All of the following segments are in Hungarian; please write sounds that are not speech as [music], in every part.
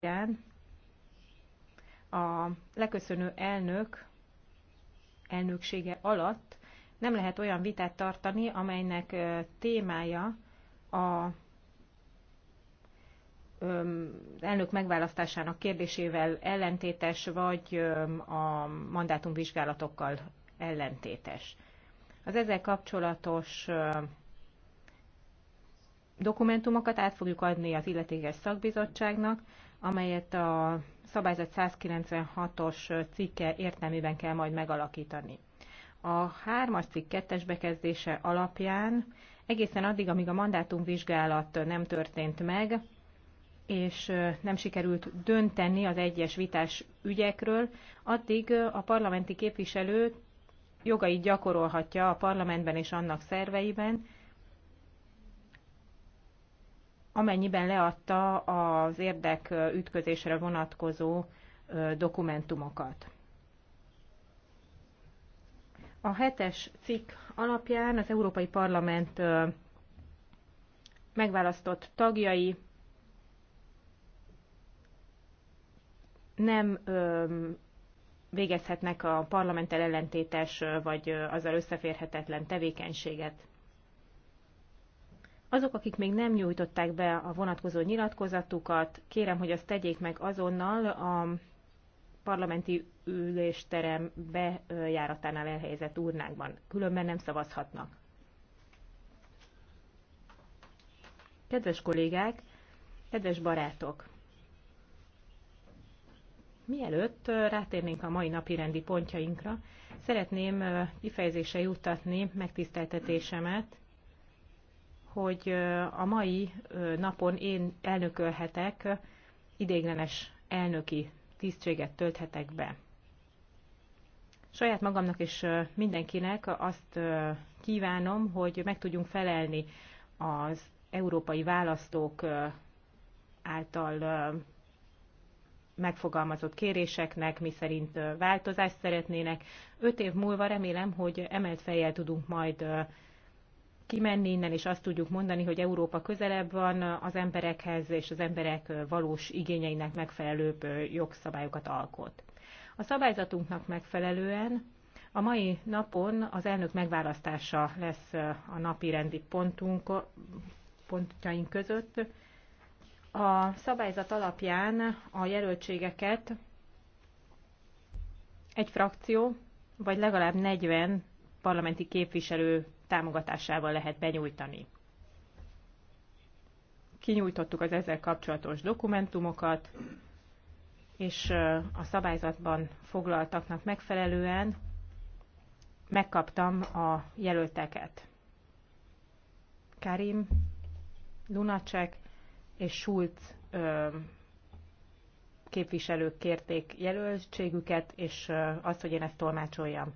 napján a leköszönő elnök elnöksége alatt nem lehet olyan vitát tartani, amelynek témája a elnök megválasztásának kérdésével ellentétes, vagy a mandátumvizsgálatokkal ellentétes. Az ezzel kapcsolatos dokumentumokat át fogjuk adni az illetékes szakbizottságnak, amelyet a szabályzat 196-os cikke értelmében kell majd megalakítani. A hármas cikk kettes bekezdése alapján egészen addig, amíg a mandátum vizsgálat nem történt meg, és nem sikerült dönteni az egyes vitás ügyekről, addig a parlamenti képviselő jogait gyakorolhatja a parlamentben és annak szerveiben, amennyiben leadta az érdek ütközésre vonatkozó dokumentumokat. A hetes cikk alapján az Európai Parlament megválasztott tagjai nem végezhetnek a parlamenttel ellentétes vagy azzal összeférhetetlen tevékenységet. Azok, akik még nem nyújtották be a vonatkozó nyilatkozatukat, kérem, hogy azt tegyék meg azonnal a parlamenti ülésterem bejáratánál elhelyezett urnákban. Különben nem szavazhatnak. Kedves kollégák, kedves barátok! Mielőtt rátérnénk a mai napi rendi pontjainkra, szeretném kifejezése juttatni megtiszteltetésemet hogy a mai napon én elnökölhetek, idéglenes elnöki tisztséget tölthetek be. Saját magamnak és mindenkinek azt kívánom, hogy meg tudjunk felelni az európai választók által megfogalmazott kéréseknek, miszerint változást szeretnének. Öt év múlva remélem, hogy emelt fejjel tudunk majd kimenni innen, és azt tudjuk mondani, hogy Európa közelebb van az emberekhez, és az emberek valós igényeinek megfelelőbb jogszabályokat alkot. A szabályzatunknak megfelelően a mai napon az elnök megválasztása lesz a napi rendi pontunk, pontjaink között. A szabályzat alapján a jelöltségeket egy frakció, vagy legalább 40 parlamenti képviselő támogatásával lehet benyújtani. Kinyújtottuk az ezzel kapcsolatos dokumentumokat, és a szabályzatban foglaltaknak megfelelően megkaptam a jelölteket. Karim, Lunacek és Schulz képviselők kérték jelöltségüket, és azt, hogy én ezt tolmácsoljam.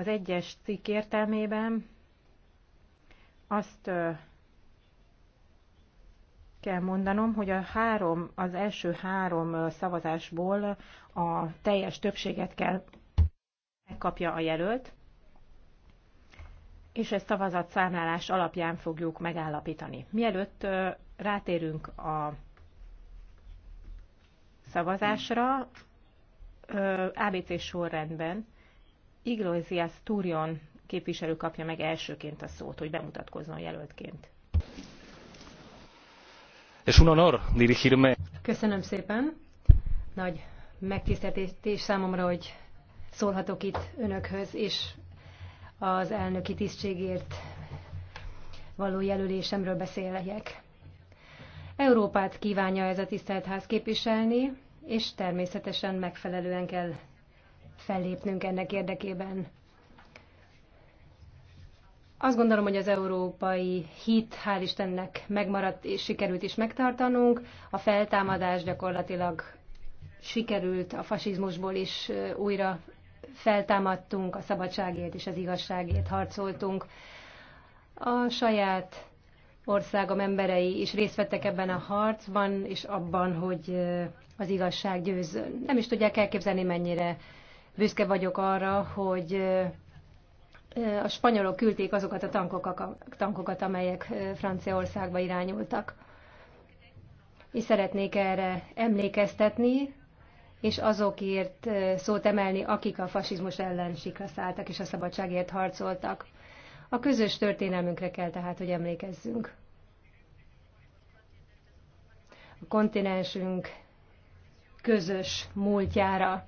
Az egyes cikk értelmében azt kell mondanom, hogy a három, az első három szavazásból a teljes többséget kell megkapja a jelölt, és ezt szavazatszámlálás alapján fogjuk megállapítani. Mielőtt rátérünk a szavazásra, ABC sorrendben Iglesias Turion képviselő kapja meg elsőként a szót, hogy bemutatkozzon jelöltként. És un honor dirigirme. Köszönöm szépen. Nagy megtiszteltetés számomra, hogy szólhatok itt önökhöz, és az elnöki tisztségért való jelölésemről beszéljek. Európát kívánja ez a tisztelt ház képviselni, és természetesen megfelelően kell fellépnünk ennek érdekében. Azt gondolom, hogy az európai hit, hál' Istennek megmaradt és sikerült is megtartanunk. A feltámadás gyakorlatilag sikerült, a fasizmusból is újra feltámadtunk, a szabadságért és az igazságért harcoltunk. A saját országom emberei is részt vettek ebben a harcban, és abban, hogy az igazság győzön. Nem is tudják elképzelni, mennyire büszke vagyok arra, hogy a spanyolok küldték azokat a tankokat, tankokat amelyek Franciaországba irányultak. És szeretnék erre emlékeztetni, és azokért szót emelni, akik a fasizmus ellen sikra szálltak és a szabadságért harcoltak. A közös történelmünkre kell tehát, hogy emlékezzünk. A kontinensünk közös múltjára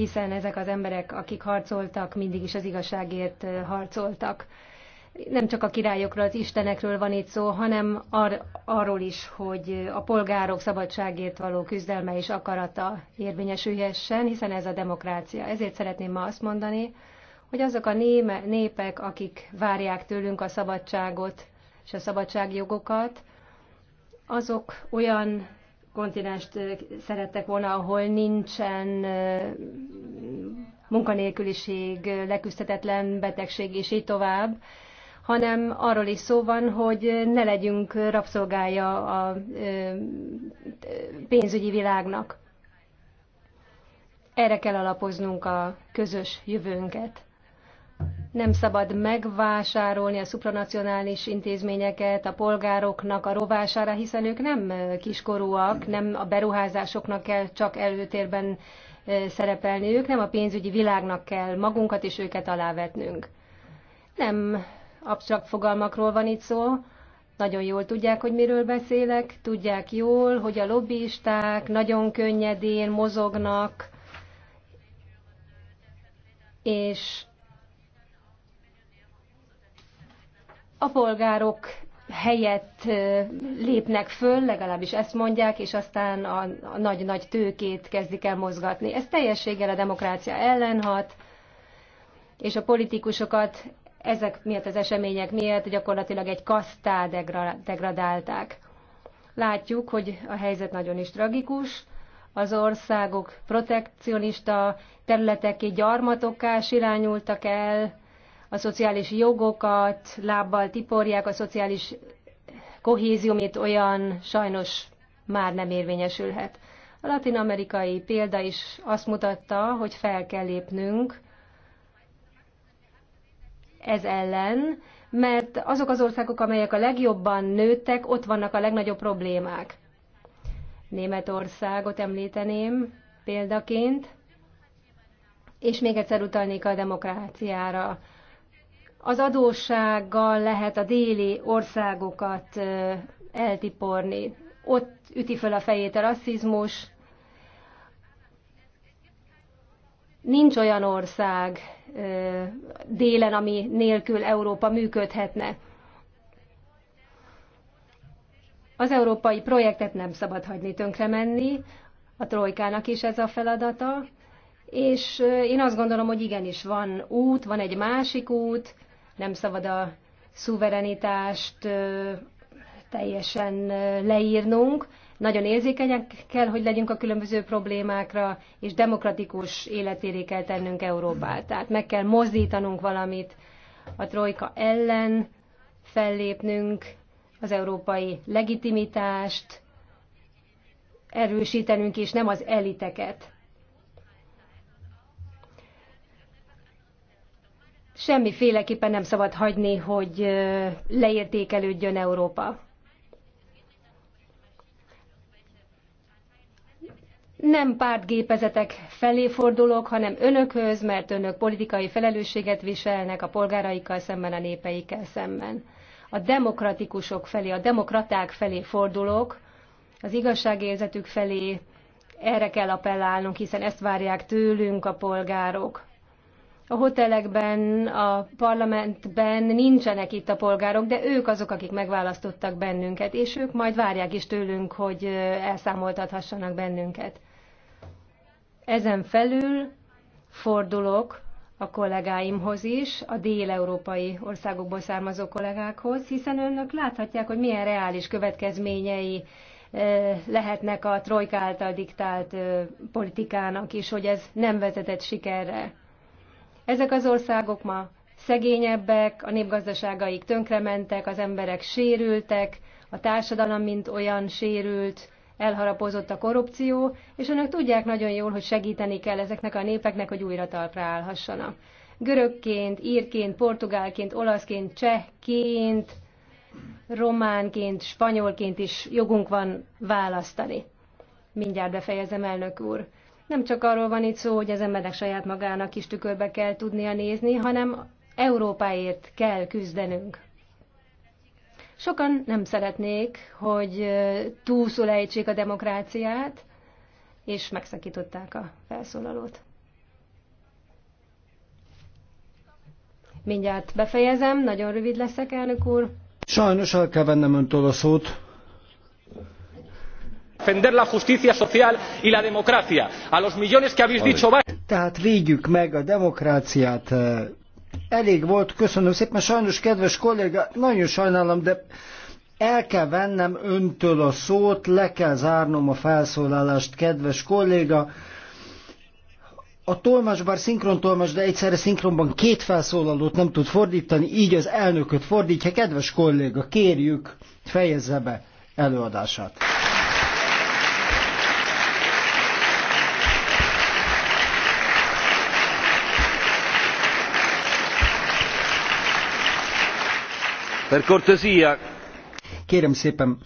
hiszen ezek az emberek, akik harcoltak, mindig is az igazságért harcoltak. Nem csak a királyokról, az istenekről van itt szó, hanem ar- arról is, hogy a polgárok szabadságért való küzdelme és akarata érvényesülhessen, hiszen ez a demokrácia. Ezért szeretném ma azt mondani, hogy azok a néme, népek, akik várják tőlünk a szabadságot és a szabadságjogokat, azok olyan kontinenst szerettek volna, ahol nincsen munkanélküliség, leküzdhetetlen betegség és így tovább, hanem arról is szó van, hogy ne legyünk rabszolgája a pénzügyi világnak. Erre kell alapoznunk a közös jövőnket. Nem szabad megvásárolni a szupranacionális intézményeket a polgároknak a rovására, hiszen ők nem kiskorúak, nem a beruházásoknak kell csak előtérben szerepelni, ők nem a pénzügyi világnak kell magunkat és őket alávetnünk. Nem absztrakt fogalmakról van itt szó, nagyon jól tudják, hogy miről beszélek, tudják jól, hogy a lobbisták nagyon könnyedén mozognak, és a polgárok helyett lépnek föl, legalábbis ezt mondják, és aztán a nagy-nagy tőkét kezdik el mozgatni. Ez teljességgel a demokrácia ellen hat, és a politikusokat ezek miatt, az események miatt gyakorlatilag egy kasztá degradálták. Látjuk, hogy a helyzet nagyon is tragikus, az országok protekcionista területeké gyarmatokká irányultak el, a szociális jogokat, lábbal tiporják a szociális kohéziumét olyan sajnos már nem érvényesülhet. A latin-amerikai példa is azt mutatta, hogy fel kell lépnünk ez ellen, mert azok az országok, amelyek a legjobban nőttek, ott vannak a legnagyobb problémák. Németországot említeném példaként, és még egyszer utalnék a demokráciára az adóssággal lehet a déli országokat eltiporni. Ott üti fel a fejét a rasszizmus. Nincs olyan ország délen, ami nélkül Európa működhetne. Az európai projektet nem szabad hagyni tönkremenni, a trojkának is ez a feladata, és én azt gondolom, hogy igenis van út, van egy másik út, nem szabad a szuverenitást teljesen leírnunk. Nagyon érzékenyek kell, hogy legyünk a különböző problémákra, és demokratikus életéré kell tennünk Európát. Tehát meg kell mozdítanunk valamit a trojka ellen, fellépnünk, az európai legitimitást erősítenünk, és nem az eliteket. semmiféleképpen nem szabad hagyni, hogy leértékelődjön Európa. Nem pártgépezetek felé fordulok, hanem önökhöz, mert önök politikai felelősséget viselnek a polgáraikkal szemben, a népeikkel szemben. A demokratikusok felé, a demokraták felé fordulok, az igazságérzetük felé erre kell appellálnunk, hiszen ezt várják tőlünk a polgárok a hotelekben, a parlamentben nincsenek itt a polgárok, de ők azok, akik megválasztottak bennünket, és ők majd várják is tőlünk, hogy elszámoltathassanak bennünket. Ezen felül fordulok a kollégáimhoz is, a dél-európai országokból származó kollégákhoz, hiszen önök láthatják, hogy milyen reális következményei lehetnek a trojka által diktált politikának is, hogy ez nem vezetett sikerre. Ezek az országok ma szegényebbek, a népgazdaságaik tönkrementek, az emberek sérültek, a társadalom mint olyan sérült, elharapozott a korrupció, és önök tudják nagyon jól, hogy segíteni kell ezeknek a népeknek, hogy újra talpra állhassanak. Görögként, írként, portugálként, olaszként, csehként, románként, spanyolként is jogunk van választani. Mindjárt befejezem, elnök úr. Nem csak arról van itt szó, hogy az embernek saját magának is tükörbe kell tudnia nézni, hanem Európáért kell küzdenünk. Sokan nem szeretnék, hogy túlszulejtsék a demokráciát, és megszakították a felszólalót. Mindjárt befejezem, nagyon rövid leszek, elnök úr. Sajnos el kell vennem öntől a szót defender la justicia social y la democracia. A los millones que habéis dicho... Tehát védjük meg a demokráciát. Elég volt, köszönöm szépen. Sajnos, kedves kolléga, nagyon sajnálom, de el kell vennem öntől a szót, le kell zárnom a felszólalást, kedves kolléga. A tolmas bár szinkrontolmas, de egyszerre szinkronban két felszólalót nem tud fordítani, így az elnököt fordítja. Kedves kolléga, kérjük, fejezze be előadását. Per cortesia. Kérem szépen,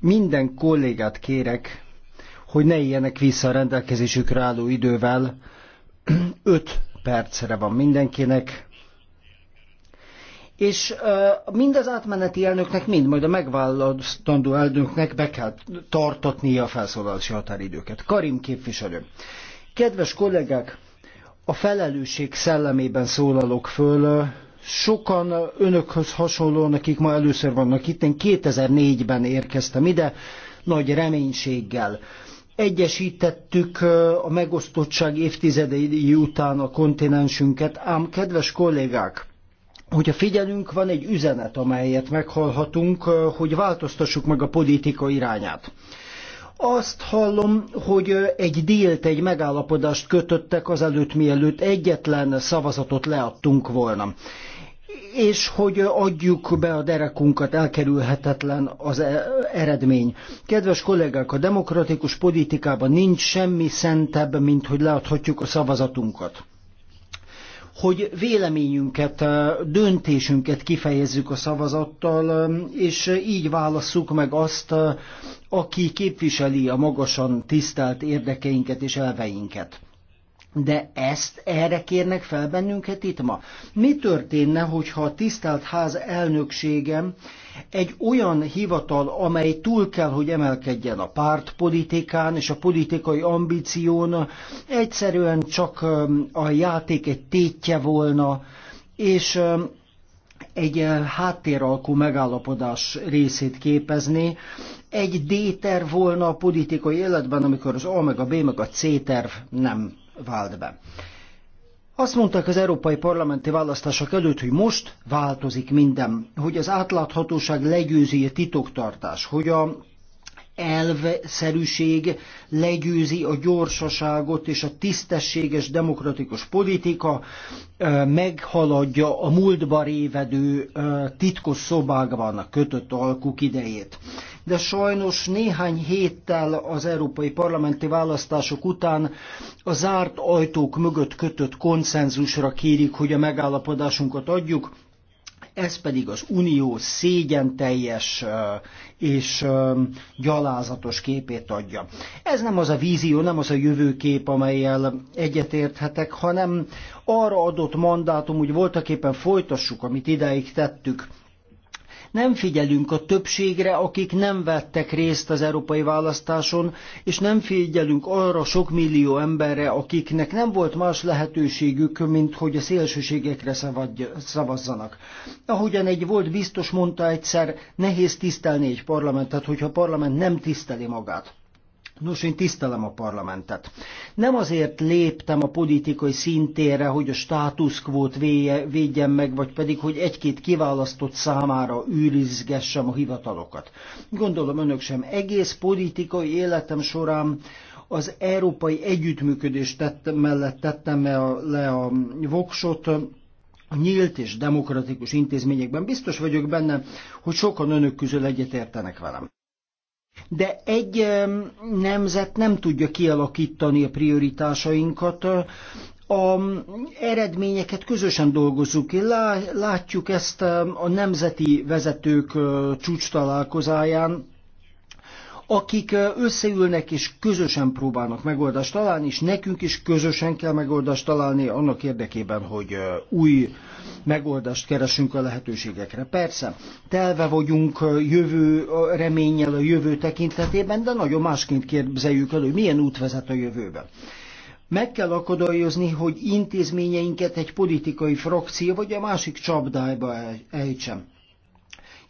minden kollégát kérek, hogy ne éljenek vissza a rendelkezésükre álló idővel. 5 [clears throat] percre van mindenkinek. És mind az átmeneti elnöknek, mind majd a megválasztandó elnöknek be kell tartatnia a felszólalási határidőket. Karim képviselő. Kedves kollégák, a felelősség szellemében szólalok föl, sokan önökhöz hasonlóan, akik ma először vannak itt, én 2004-ben érkeztem ide, nagy reménységgel. Egyesítettük a megosztottság évtizedei után a kontinensünket, ám kedves kollégák, hogyha figyelünk, van egy üzenet, amelyet meghallhatunk, hogy változtassuk meg a politika irányát. Azt hallom, hogy egy dílt, egy megállapodást kötöttek azelőtt, mielőtt egyetlen szavazatot leadtunk volna és hogy adjuk be a derekunkat, elkerülhetetlen az e- eredmény. Kedves kollégák, a demokratikus politikában nincs semmi szentebb, mint hogy leadhatjuk a szavazatunkat hogy véleményünket, e, döntésünket kifejezzük a szavazattal, e, és így válasszuk meg azt, aki képviseli a magasan tisztelt érdekeinket és elveinket. De ezt erre kérnek fel bennünket itt ma? Mi történne, hogyha a tisztelt ház elnökségem egy olyan hivatal, amely túl kell, hogy emelkedjen a pártpolitikán és a politikai ambíción, egyszerűen csak um, a játék egy tétje volna, és um, egy uh, háttéralkú megállapodás részét képezni. Egy D-terv volna a politikai életben, amikor az A meg a B meg a C terv nem vált be. Azt mondták az európai parlamenti választások előtt, hogy most változik minden, hogy az átláthatóság legyőzi a titoktartás, hogy a elvszerűség legyőzi a gyorsaságot, és a tisztességes demokratikus politika meghaladja a múltba révedő titkos szobákban kötött alkuk idejét de sajnos néhány héttel az európai parlamenti választások után a zárt ajtók mögött kötött konszenzusra kérik, hogy a megállapodásunkat adjuk, ez pedig az unió szégyen teljes és gyalázatos képét adja. Ez nem az a vízió, nem az a jövőkép, amelyel egyetérthetek, hanem arra adott mandátum, hogy voltaképpen folytassuk, amit idáig tettük, nem figyelünk a többségre, akik nem vettek részt az európai választáson, és nem figyelünk arra sok millió emberre, akiknek nem volt más lehetőségük, mint hogy a szélsőségekre szavazzanak. Ahogyan egy volt biztos mondta egyszer, nehéz tisztelni egy parlamentet, hogyha a parlament nem tiszteli magát. Nos, én tisztelem a parlamentet. Nem azért léptem a politikai szintére, hogy a státuszkvót védjem meg, vagy pedig, hogy egy-két kiválasztott számára őrizgessem a hivatalokat. Gondolom önök sem egész politikai életem során az európai együttműködést tettem, mellett tettem le a voksot, a nyílt és demokratikus intézményekben. Biztos vagyok benne, hogy sokan önök közül egyetértenek velem de egy nemzet nem tudja kialakítani a prioritásainkat, a eredményeket közösen dolgozzuk ki. Látjuk ezt a nemzeti vezetők csúcs találkozáján, akik összeülnek és közösen próbálnak megoldást találni, és nekünk is közösen kell megoldást találni annak érdekében, hogy új megoldást keresünk a lehetőségekre. Persze, telve vagyunk jövő reménnyel a jövő tekintetében, de nagyon másként képzeljük elő, milyen út vezet a jövőbe. Meg kell akadályozni, hogy intézményeinket egy politikai frakció vagy a másik csapdájba ejtsem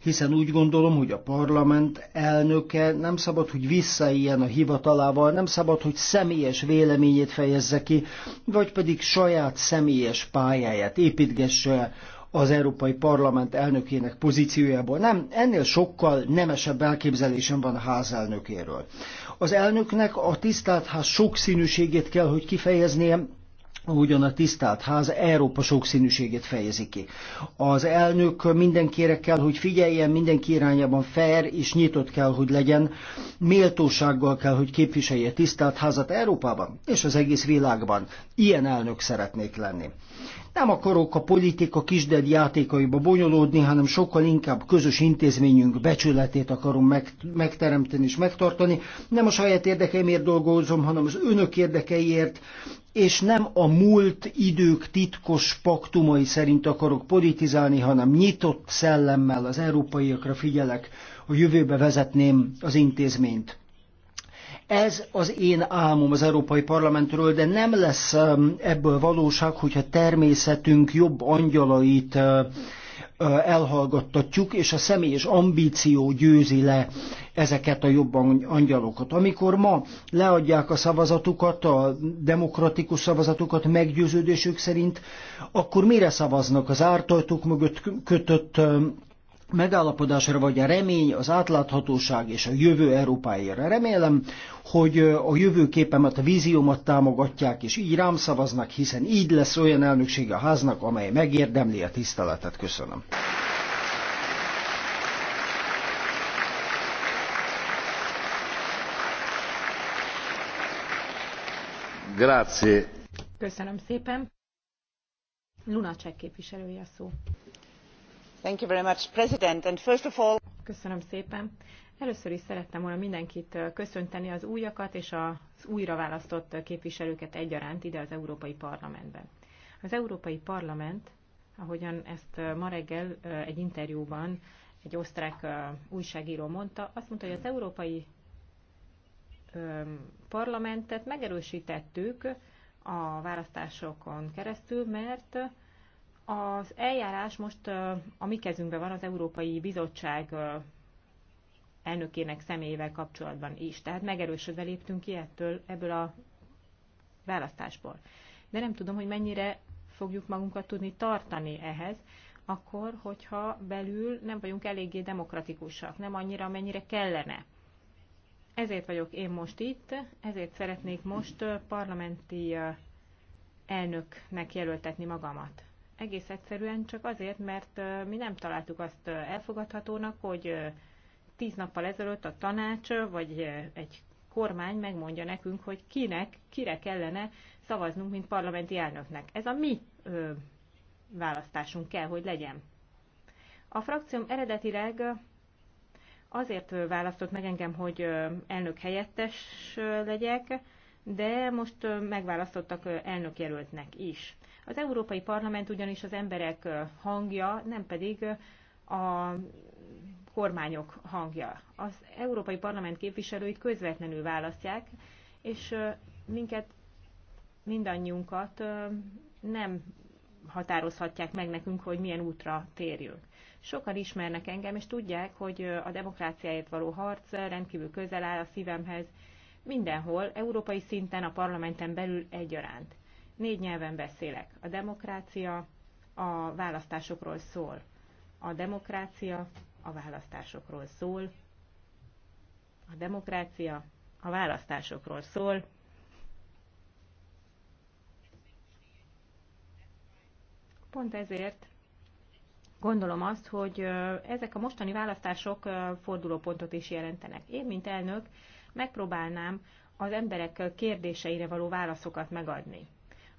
hiszen úgy gondolom, hogy a parlament elnöke nem szabad, hogy visszaéljen a hivatalával, nem szabad, hogy személyes véleményét fejezze ki, vagy pedig saját személyes pályáját építgesse az Európai Parlament elnökének pozíciójából. Nem, ennél sokkal nemesebb elképzelésem van a házelnökéről. Az elnöknek a tisztáltház sokszínűségét kell, hogy kifejeznie, ahogyan a tisztelt ház Európa sokszínűségét fejezi ki. Az elnök mindenkire kell, hogy figyeljen, mindenki irányában fair és nyitott kell, hogy legyen, méltósággal kell, hogy képviselje tisztelt házat Európában és az egész világban. Ilyen elnök szeretnék lenni. Nem akarok a politika kisded játékaiba bonyolódni, hanem sokkal inkább közös intézményünk becsületét akarom megteremteni és megtartani. Nem a saját érdekeimért dolgozom, hanem az önök érdekeiért, és nem a múlt idők titkos paktumai szerint akarok politizálni, hanem nyitott szellemmel az európaiakra figyelek, a jövőbe vezetném az intézményt. Ez az én álmom az Európai Parlamentről, de nem lesz um, ebből valóság, hogyha természetünk jobb angyalait uh, uh, elhallgattatjuk, és a személyes ambíció győzi le ezeket a jobb angyalokat. Amikor ma leadják a szavazatukat, a demokratikus szavazatukat meggyőződésük szerint, akkor mire szavaznak? Az ártajtuk mögött kötött um, megállapodásra, vagy a remény, az átláthatóság és a jövő Európáért. Remélem, hogy a jövőképemet, a víziómat támogatják, és így rám szavaznak, hiszen így lesz olyan elnöksége a háznak, amely megérdemli a tiszteletet. Köszönöm. Grazie. Köszönöm szépen. Lunacek képviselője a szó. Köszönöm szépen. Először is szerettem volna mindenkit köszönteni az újakat és az újraválasztott képviselőket egyaránt ide az Európai Parlamentben. Az Európai Parlament, ahogyan ezt ma reggel egy interjúban egy osztrák újságíró mondta, azt mondta, hogy az Európai Parlamentet megerősítettük a választásokon keresztül, mert az eljárás most a mi kezünkben van az Európai Bizottság elnökének személyével kapcsolatban is. Tehát megerősödve léptünk ki ettől, ebből a választásból. De nem tudom, hogy mennyire fogjuk magunkat tudni tartani ehhez, akkor, hogyha belül nem vagyunk eléggé demokratikusak, nem annyira, amennyire kellene. Ezért vagyok én most itt, ezért szeretnék most parlamenti elnöknek jelöltetni magamat. Egész egyszerűen csak azért, mert mi nem találtuk azt elfogadhatónak, hogy tíz nappal ezelőtt a tanács vagy egy kormány megmondja nekünk, hogy kinek, kire kellene szavaznunk, mint parlamenti elnöknek. Ez a mi ö, választásunk kell, hogy legyen. A frakcióm eredetileg azért választott meg engem, hogy elnök helyettes legyek, de most megválasztottak elnökjelöltnek is. Az Európai Parlament ugyanis az emberek hangja, nem pedig a kormányok hangja. Az Európai Parlament képviselőit közvetlenül választják, és minket, mindannyiunkat nem határozhatják meg nekünk, hogy milyen útra térjünk. Sokan ismernek engem, és tudják, hogy a demokráciáért való harc rendkívül közel áll a szívemhez, mindenhol, európai szinten, a parlamenten belül egyaránt. Négy nyelven beszélek. A demokrácia a választásokról szól. A demokrácia a választásokról szól. A demokrácia a választásokról szól. Pont ezért gondolom azt, hogy ezek a mostani választások fordulópontot is jelentenek. Én, mint elnök, megpróbálnám az emberek kérdéseire való válaszokat megadni.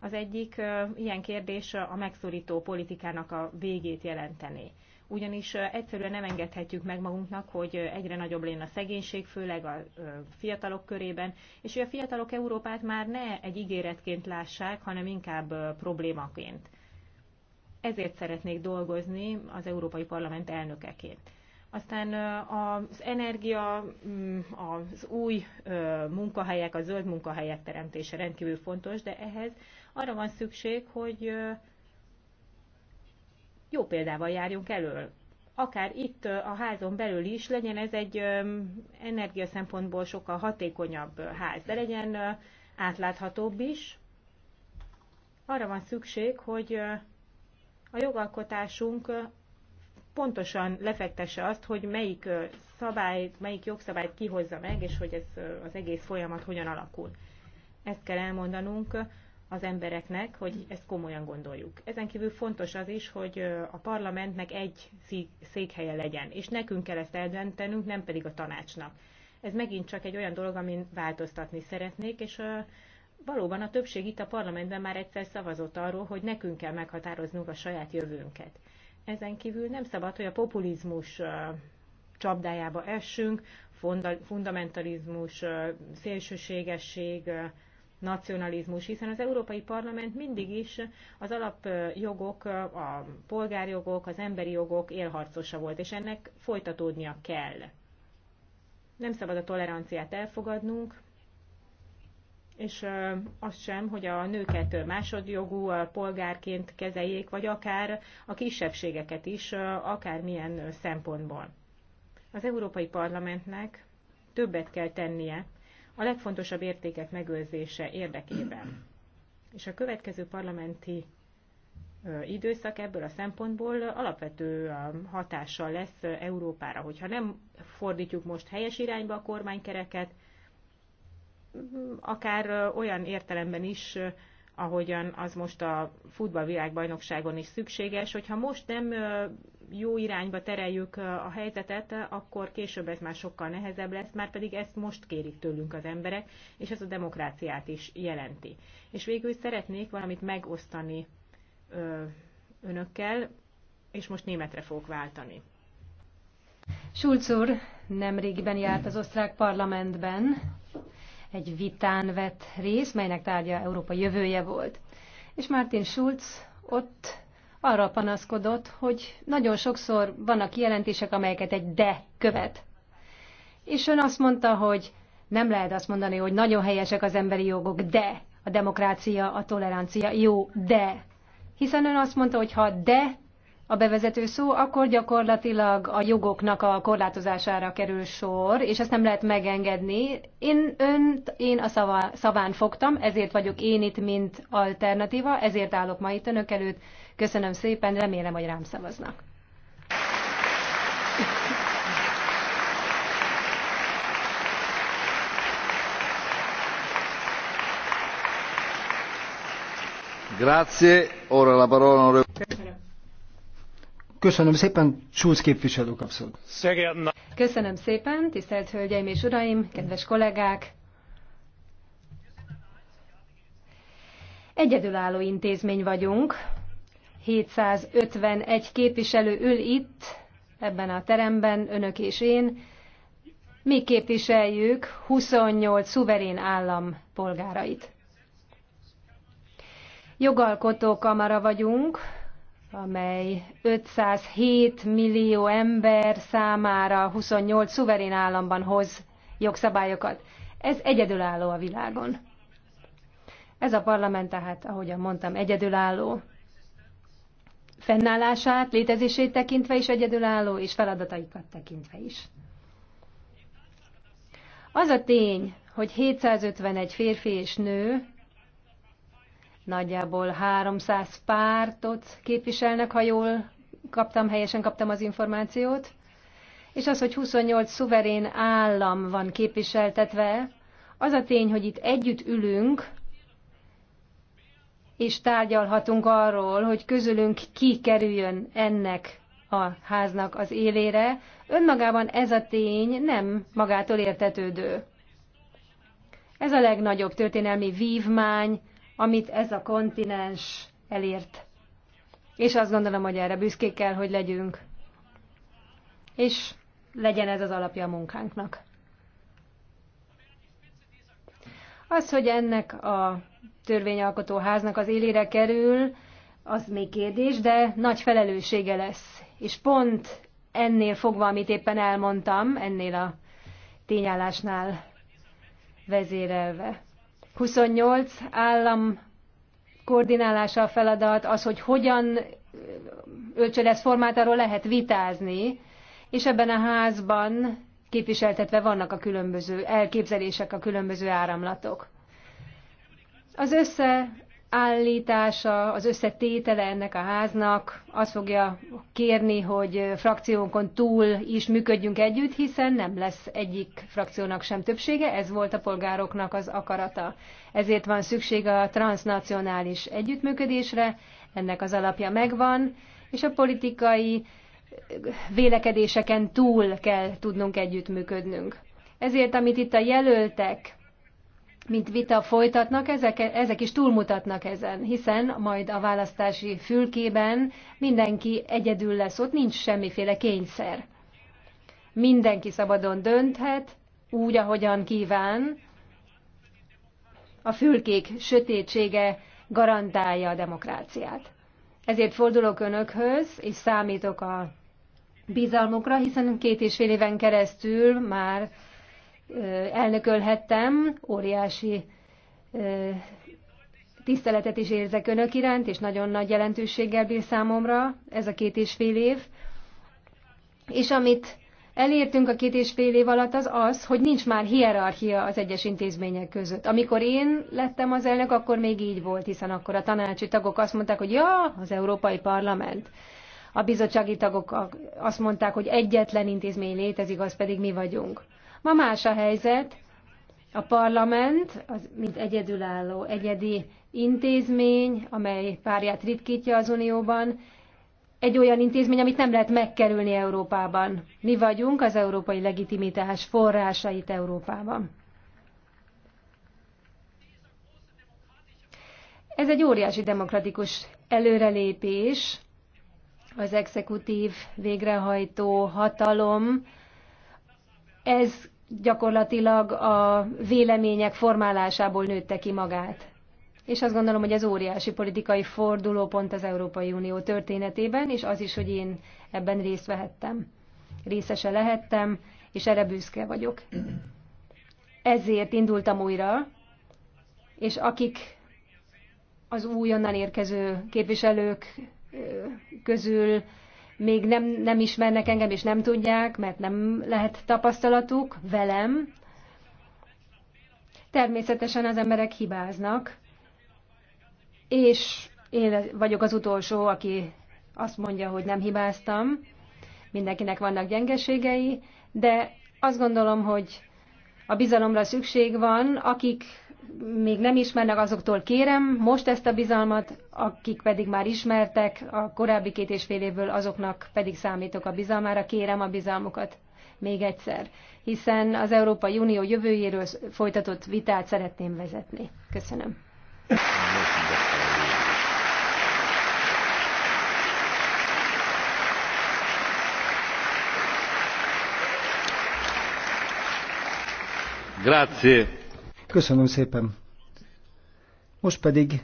Az egyik ilyen kérdés a megszorító politikának a végét jelenteni. Ugyanis egyszerűen nem engedhetjük meg magunknak, hogy egyre nagyobb lenne a szegénység, főleg a fiatalok körében, és hogy a fiatalok Európát már ne egy ígéretként lássák, hanem inkább problémaként. Ezért szeretnék dolgozni az Európai Parlament elnökeként. Aztán az energia, mm, az új munkahelyek, a zöld munkahelyek teremtése rendkívül fontos, de ehhez arra van szükség, hogy jó példával járjunk elől. Akár itt a házon belül is legyen ez egy energia szempontból sokkal hatékonyabb ház, de legyen átláthatóbb is. Arra van szükség, hogy a jogalkotásunk pontosan lefektesse azt, hogy melyik szabály, melyik jogszabályt kihozza meg, és hogy ez az egész folyamat hogyan alakul. Ezt kell elmondanunk az embereknek, hogy ezt komolyan gondoljuk. Ezen kívül fontos az is, hogy a parlamentnek egy székhelye legyen, és nekünk kell ezt eldöntenünk, nem pedig a tanácsnak. Ez megint csak egy olyan dolog, amin változtatni szeretnék, és valóban a többség itt a parlamentben már egyszer szavazott arról, hogy nekünk kell meghatároznunk a saját jövőnket. Ezen kívül nem szabad, hogy a populizmus csapdájába essünk, fundamentalizmus, szélsőségesség, nacionalizmus, hiszen az Európai Parlament mindig is az alapjogok, a polgárjogok, az emberi jogok élharcosa volt, és ennek folytatódnia kell. Nem szabad a toleranciát elfogadnunk, és azt sem, hogy a nőket másodjogú polgárként kezeljék, vagy akár a kisebbségeket is, akármilyen szempontból. Az Európai Parlamentnek többet kell tennie a legfontosabb értékek megőrzése érdekében. És a következő parlamenti időszak ebből a szempontból alapvető hatással lesz Európára. Hogyha nem fordítjuk most helyes irányba a kormánykereket, akár olyan értelemben is, ahogyan az most a futballvilágbajnokságon is szükséges, hogyha most nem jó irányba tereljük a helyzetet, akkor később ez már sokkal nehezebb lesz, már pedig ezt most kérik tőlünk az emberek, és ez a demokráciát is jelenti. És végül szeretnék valamit megosztani önökkel, és most németre fogok váltani. Schulz úr nemrégiben járt az osztrák parlamentben, egy vitán vett rész, melynek tárgya Európa jövője volt. És Martin Schulz ott arra panaszkodott, hogy nagyon sokszor vannak jelentések, amelyeket egy de követ. És ön azt mondta, hogy nem lehet azt mondani, hogy nagyon helyesek az emberi jogok, de a demokrácia, a tolerancia jó, de. Hiszen ön azt mondta, hogy ha de a bevezető szó, akkor gyakorlatilag a jogoknak a korlátozására kerül sor, és ezt nem lehet megengedni. Én önt, én a szava, szaván fogtam, ezért vagyok én itt, mint alternatíva, ezért állok ma itt önök előtt. Köszönöm szépen, remélem, hogy rám szavaznak. Grazie, ora la parola onorevole. Köszönöm szépen, Schulz képviselő kapszol. Köszönöm szépen, tisztelt Hölgyeim és Uraim, kedves kollégák! Egyedülálló intézmény vagyunk. 751 képviselő ül itt, ebben a teremben, önök és én. Mi képviseljük 28 szuverén állam polgárait. Jogalkotó kamara vagyunk, amely 507 millió ember számára 28 szuverén államban hoz jogszabályokat. Ez egyedülálló a világon. Ez a parlament tehát, ahogyan mondtam, egyedülálló. Fennállását, létezését tekintve is egyedülálló, és feladataikat tekintve is. Az a tény, hogy 751 férfi és nő nagyjából 300 pártot képviselnek, ha jól kaptam, helyesen kaptam az információt, és az, hogy 28 szuverén állam van képviseltetve, az a tény, hogy itt együtt ülünk, és tárgyalhatunk arról, hogy közülünk ki kerüljön ennek a háznak az élére, önmagában ez a tény nem magától értetődő. Ez a legnagyobb történelmi vívmány, amit ez a kontinens elért. És azt gondolom, hogy erre büszkék kell, hogy legyünk. És legyen ez az alapja a munkánknak. Az, hogy ennek a törvényalkotó háznak az élére kerül, az még kérdés, de nagy felelőssége lesz. És pont ennél fogva, amit éppen elmondtam, ennél a tényállásnál vezérelve. 28 állam koordinálása a feladat, az, hogy hogyan öltsön ez formát, arról lehet vitázni, és ebben a házban képviseltetve vannak a különböző elképzelések, a különböző áramlatok. Az össze állítása, az összetétele ennek a háznak azt fogja kérni, hogy frakciónkon túl is működjünk együtt, hiszen nem lesz egyik frakciónak sem többsége, ez volt a polgároknak az akarata. Ezért van szükség a transnacionális együttműködésre, ennek az alapja megvan, és a politikai vélekedéseken túl kell tudnunk együttműködnünk. Ezért, amit itt a jelöltek mint vita folytatnak, ezek, ezek is túlmutatnak ezen, hiszen majd a választási fülkében mindenki egyedül lesz, ott nincs semmiféle kényszer. Mindenki szabadon dönthet, úgy, ahogyan kíván. A fülkék sötétsége garantálja a demokráciát. Ezért fordulok önökhöz, és számítok a bizalmukra, hiszen két és fél éven keresztül már elnökölhettem, óriási tiszteletet is érzek önök iránt, és nagyon nagy jelentőséggel bír számomra ez a két és fél év. És amit elértünk a két és fél év alatt az az, hogy nincs már hierarchia az egyes intézmények között. Amikor én lettem az elnök, akkor még így volt, hiszen akkor a tanácsi tagok azt mondták, hogy ja, az Európai Parlament. A bizottsági tagok azt mondták, hogy egyetlen intézmény létezik, az pedig mi vagyunk. Ma más a helyzet. A parlament, az, mint egyedülálló egyedi intézmény, amely párját ritkítja az Unióban, egy olyan intézmény, amit nem lehet megkerülni Európában. Mi vagyunk az európai legitimitás forrásait Európában. Ez egy óriási demokratikus előrelépés, az exekutív végrehajtó hatalom ez gyakorlatilag a vélemények formálásából nőtte ki magát. És azt gondolom, hogy ez óriási politikai fordulópont az Európai Unió történetében, és az is, hogy én ebben részt vehettem. Részese lehettem, és erre büszke vagyok. Ezért indultam újra, és akik az újonnan érkező képviselők közül még nem, nem ismernek engem, és nem tudják, mert nem lehet tapasztalatuk velem. Természetesen az emberek hibáznak, és én vagyok az utolsó, aki azt mondja, hogy nem hibáztam. Mindenkinek vannak gyengeségei, de azt gondolom, hogy a bizalomra szükség van, akik még nem ismernek, azoktól kérem most ezt a bizalmat, akik pedig már ismertek a korábbi két és fél évből, azoknak pedig számítok a bizalmára, kérem a bizalmukat még egyszer, hiszen az Európai Unió jövőjéről folytatott vitát szeretném vezetni. Köszönöm. Grazie. Köszönöm szépen. Most pedig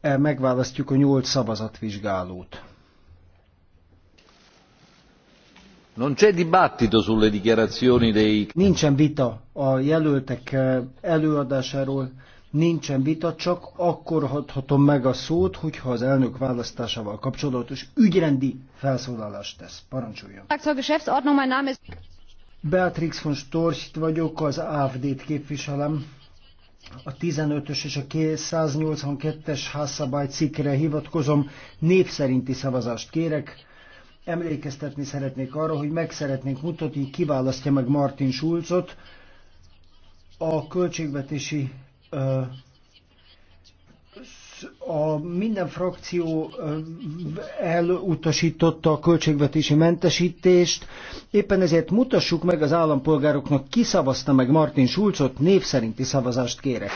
e, megválasztjuk a nyolc szavazatvizsgálót. Non c'è dibattito sulle dichiarazioni dei... Nincsen vita a jelöltek e, előadásáról, nincsen vita, csak akkor adhatom meg a szót, hogyha az elnök választásával kapcsolatos ügyrendi felszólalást tesz. Parancsoljon. Beatrix von Storch vagyok, az AFD-t képviselem. A 15-ös és a 182-es házszabály cikkre hivatkozom, név szerinti szavazást kérek. Emlékeztetni szeretnék arra, hogy meg szeretnénk mutatni, kiválasztja meg Martin Schulzot, a költségvetési uh, a minden frakció elutasította a költségvetési mentesítést, éppen ezért mutassuk meg az állampolgároknak, ki szavazta meg Martin Schulzot, név szerinti szavazást kérek.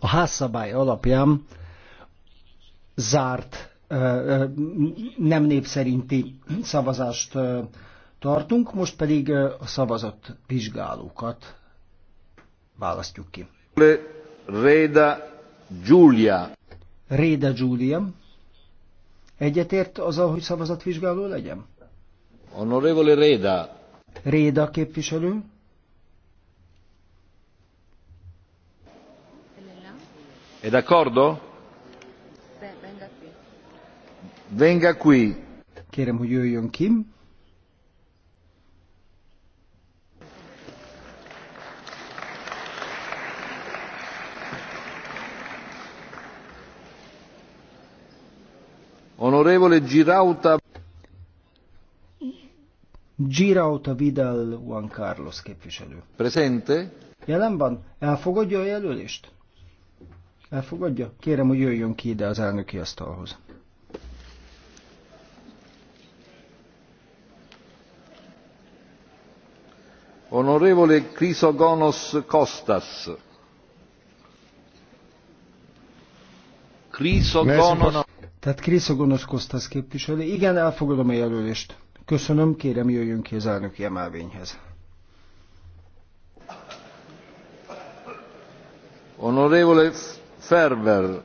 A házszabály alapján zárt, nem népszerinti szavazást tartunk, most pedig a szavazat vizsgálókat választjuk ki. Réda Giulia. Réda Giulia. Egyetért azzal, hogy szavazatvizsgáló legyen? Honorevole Réda. Réda képviselő. E d'accordo? Venga qui. Kérem, hogy jöjjön Kim. Onorevole Girauta. Girauta Vidal Juan Carlos képviselő. Presente. Jelen van? Elfogadja a jelölést? Elfogadja? Kérem, hogy jöjjön ki ide az elnöki asztalhoz. Onorevole Crisogonos Kostas. Crisogonos tehát Krisza gonoszkoztasz képviselő. Igen, elfogadom a jelölést. Köszönöm, kérem jöjjön ki az elnöki emelvényhez. Honorevole Ferber.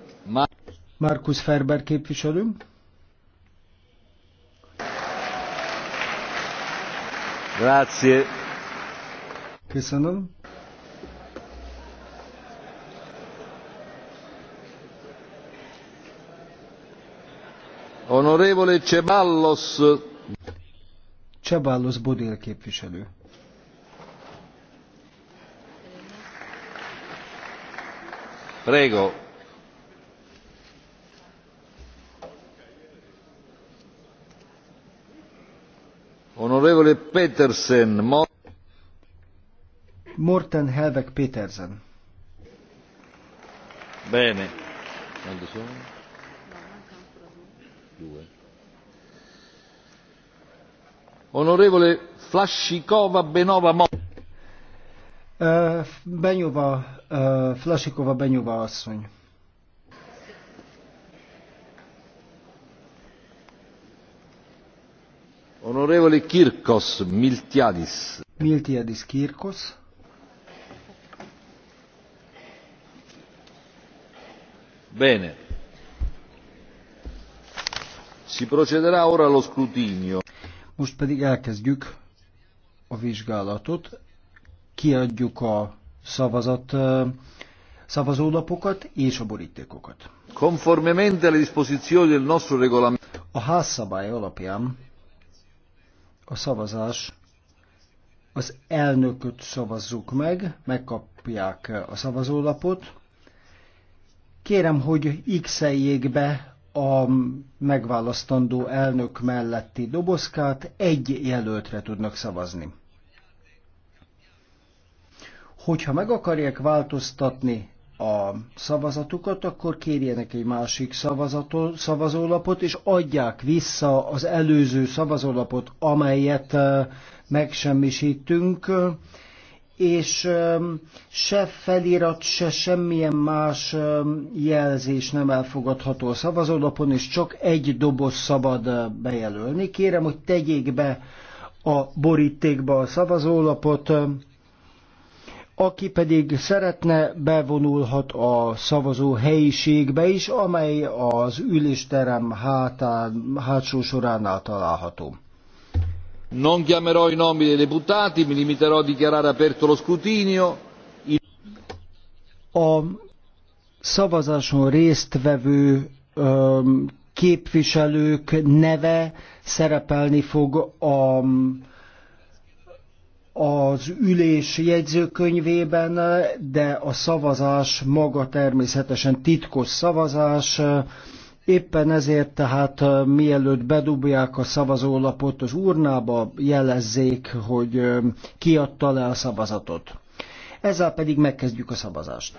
Markus Ferber képviselő. Grazie. Köszönöm. Honorevole Ceballos. Ceballos Bodil képviselő. Prego. Honorevole Petersen. Morten Helvek Petersen. Bene. Quando sono? due. Onorevole Flassikova Benova Mo. Uh, Benyova, Flasikova Benyova asszony. Onorevole Kirkos Miltiadis. Miltiadis Kirkos. Bene. Si procederà ora allo scrutinio. Most pedig elkezdjük a vizsgálatot, kiadjuk a szavazat szavazólapokat és a borítékokat. Conformemente alle disposizioni del nostro regolamento. A házszabály alapján a szavazás az elnököt szavazzuk meg, megkapják a szavazólapot. Kérem, hogy x be a megválasztandó elnök melletti dobozkát egy jelöltre tudnak szavazni. Hogyha meg akarják változtatni a szavazatukat, akkor kérjenek egy másik szavazólapot, és adják vissza az előző szavazólapot, amelyet eh, megsemmisítünk és se felirat, se semmilyen más jelzés nem elfogadható a szavazólapon, és csak egy doboz szabad bejelölni. Kérem, hogy tegyék be a borítékba a szavazólapot, aki pedig szeretne, bevonulhat a szavazó helyiségbe is, amely az ülésterem hátán, hátsó soránál található. Non chiamerò i nomi dei deputati, mi limiterò a dichiarare aperto lo scrutinio. A szavazáson résztvevő öm, képviselők neve szerepelni fog a az ülés jegyzőkönyvében, de a szavazás maga természetesen titkos szavazás, Éppen ezért tehát mielőtt bedobják a szavazólapot az urnába, jelezzék, hogy kiadta le a szavazatot. Ezzel pedig megkezdjük a szavazást.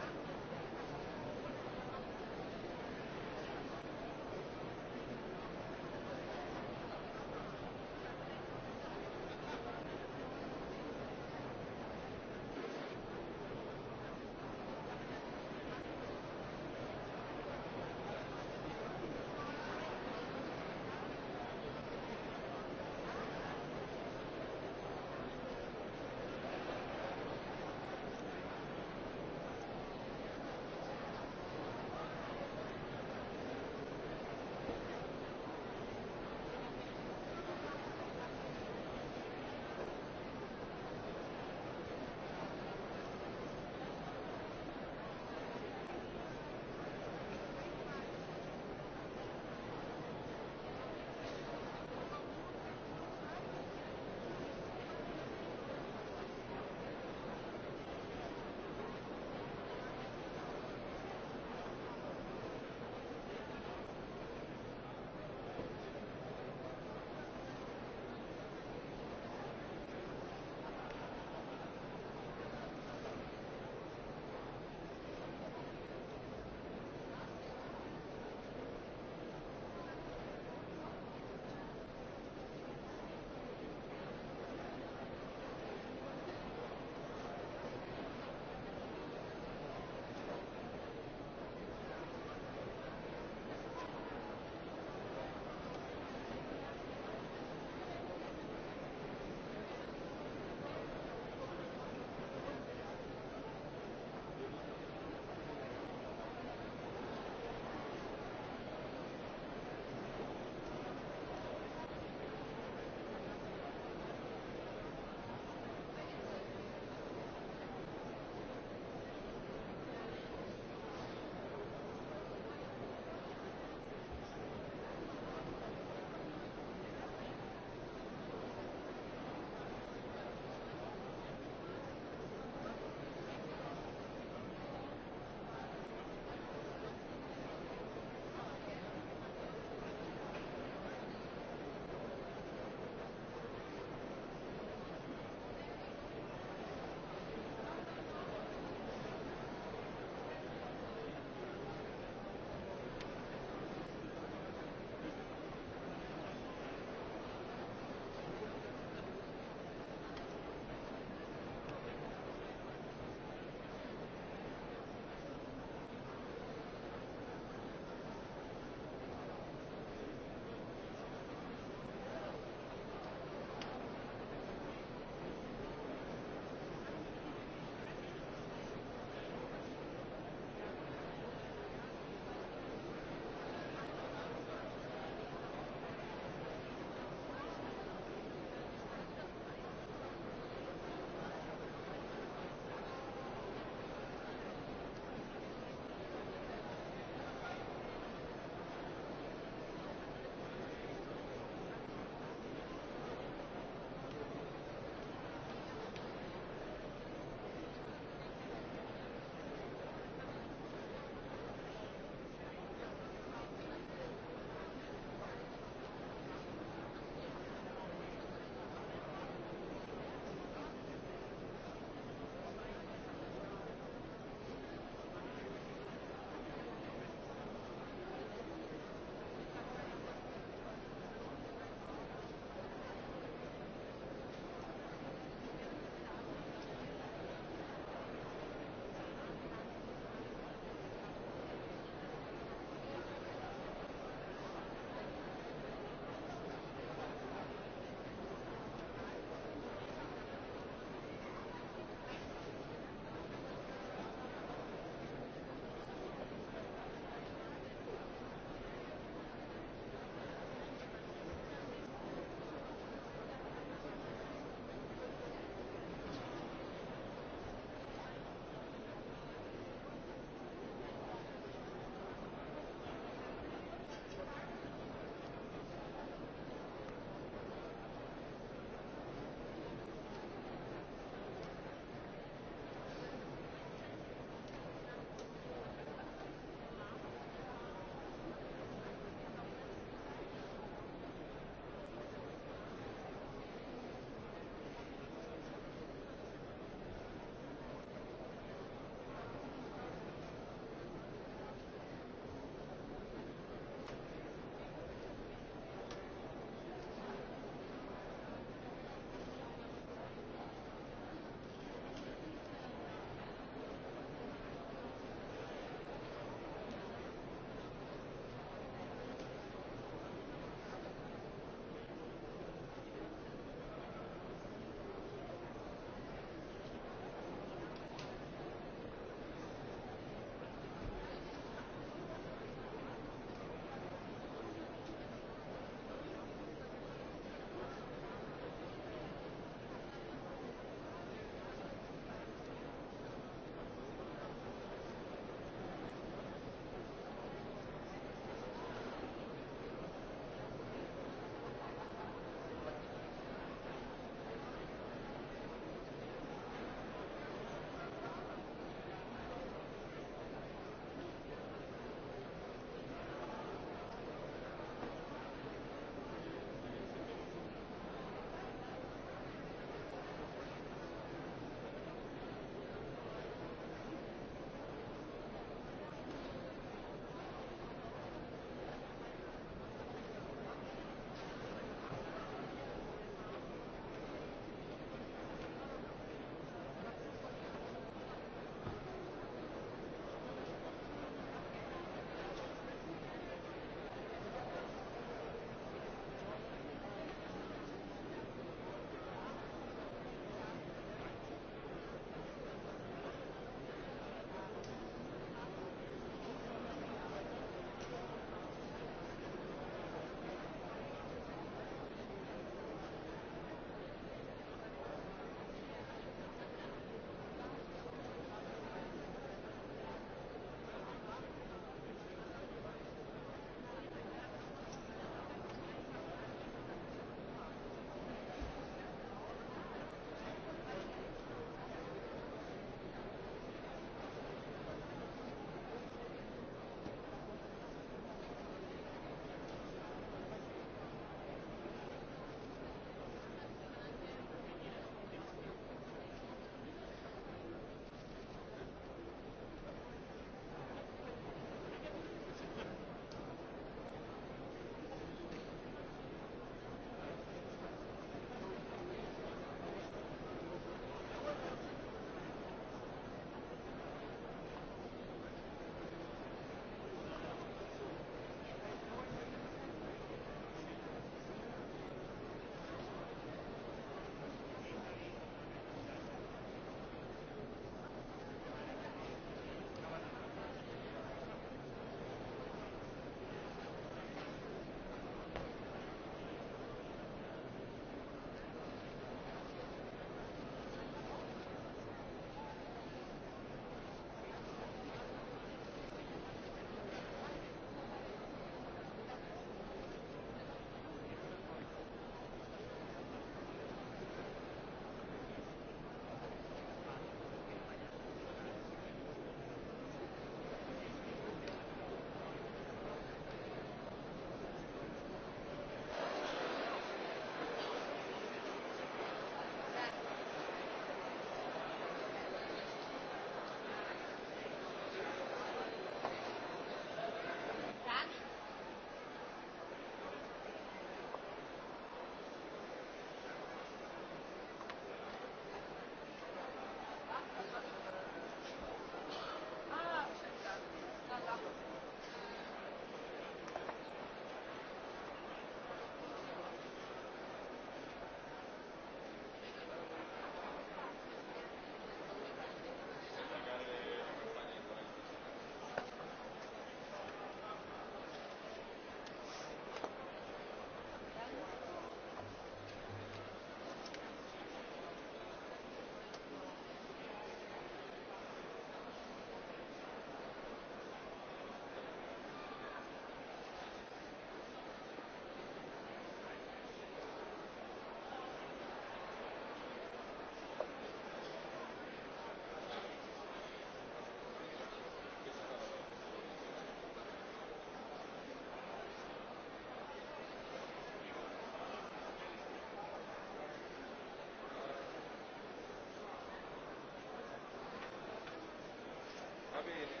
va bene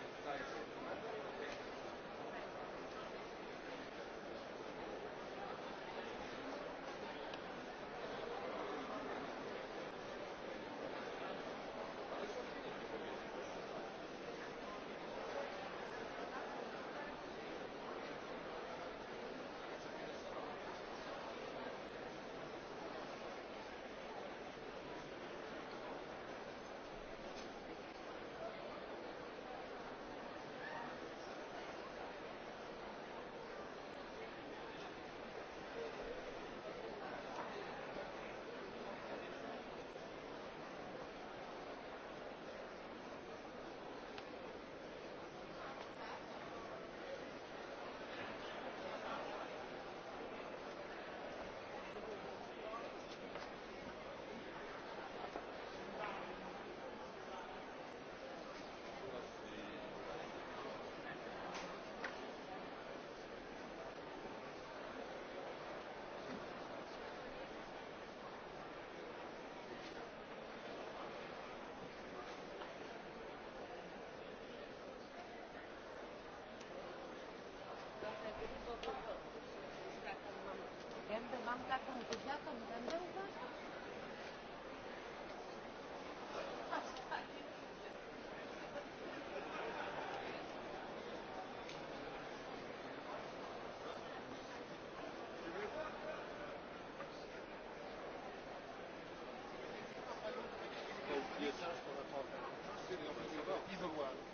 hablar con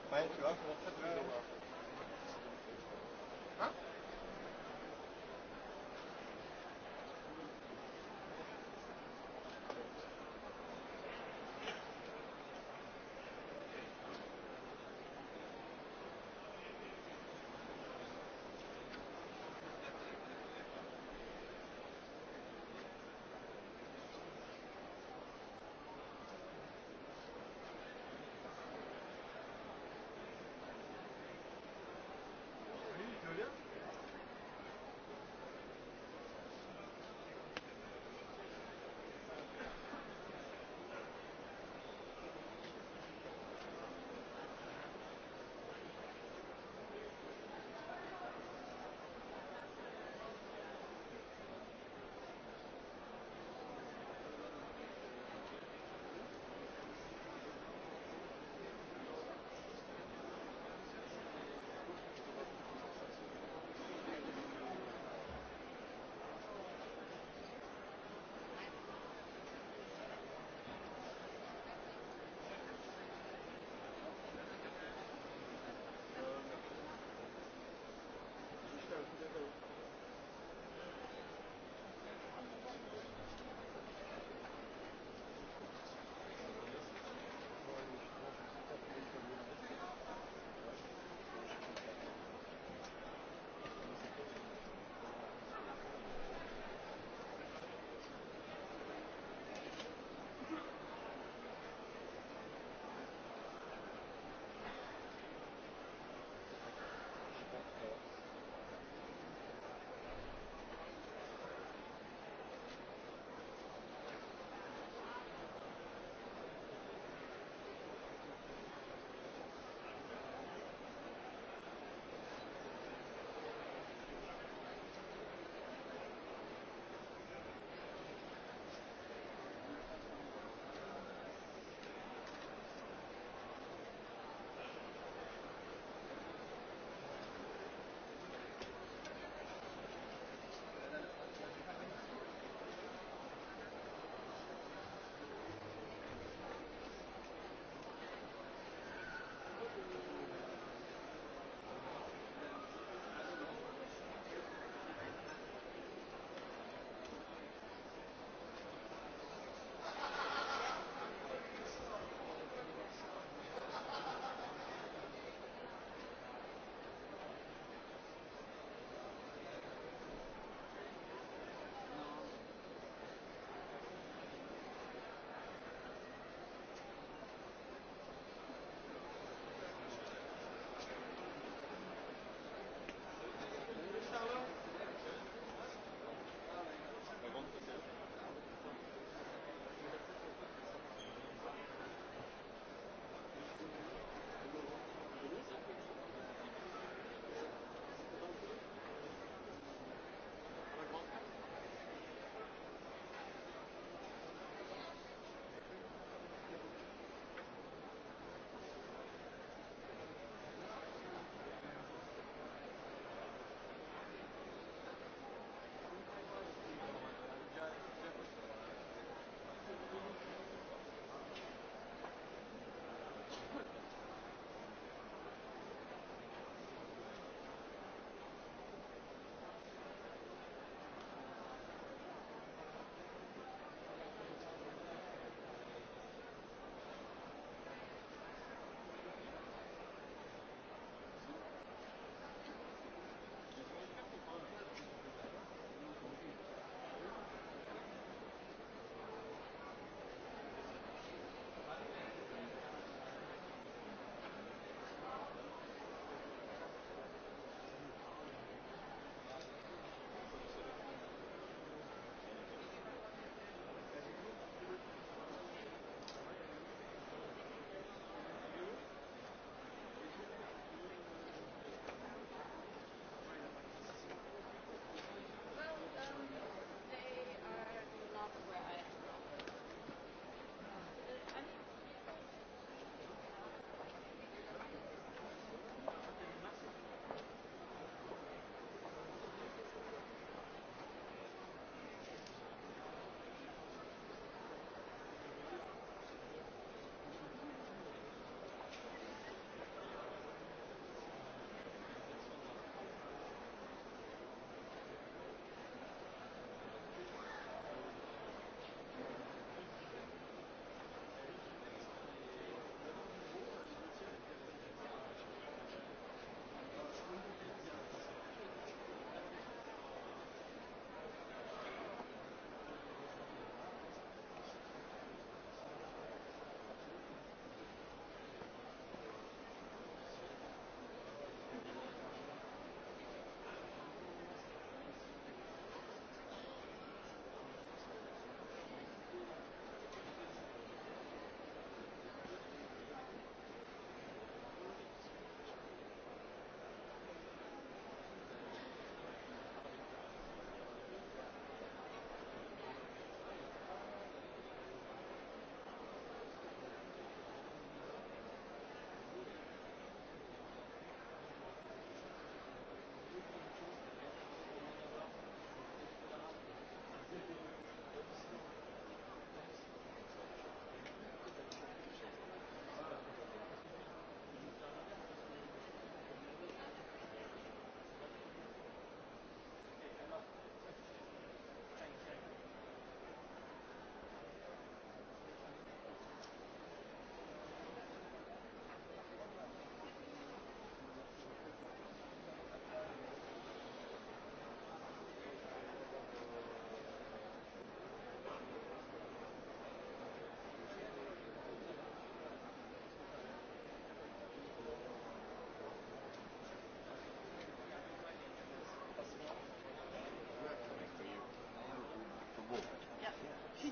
Ouais, tu vois, c'est très très ivoire.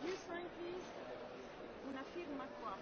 plus 5 livres, vous affirme quoi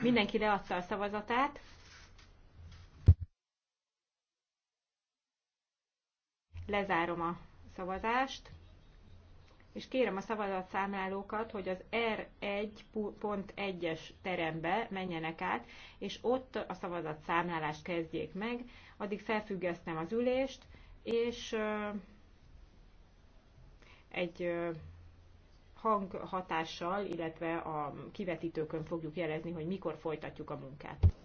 Mindenki leadta a szavazatát. Lezárom a szavazást, és kérem a szavazatszámlálókat, hogy az R1.1-es terembe menjenek át, és ott a szavazatszámlálást kezdjék meg. Addig felfüggesztem az ülést, és egy hanghatással, illetve a kivetítőkön fogjuk jelezni, hogy mikor folytatjuk a munkát.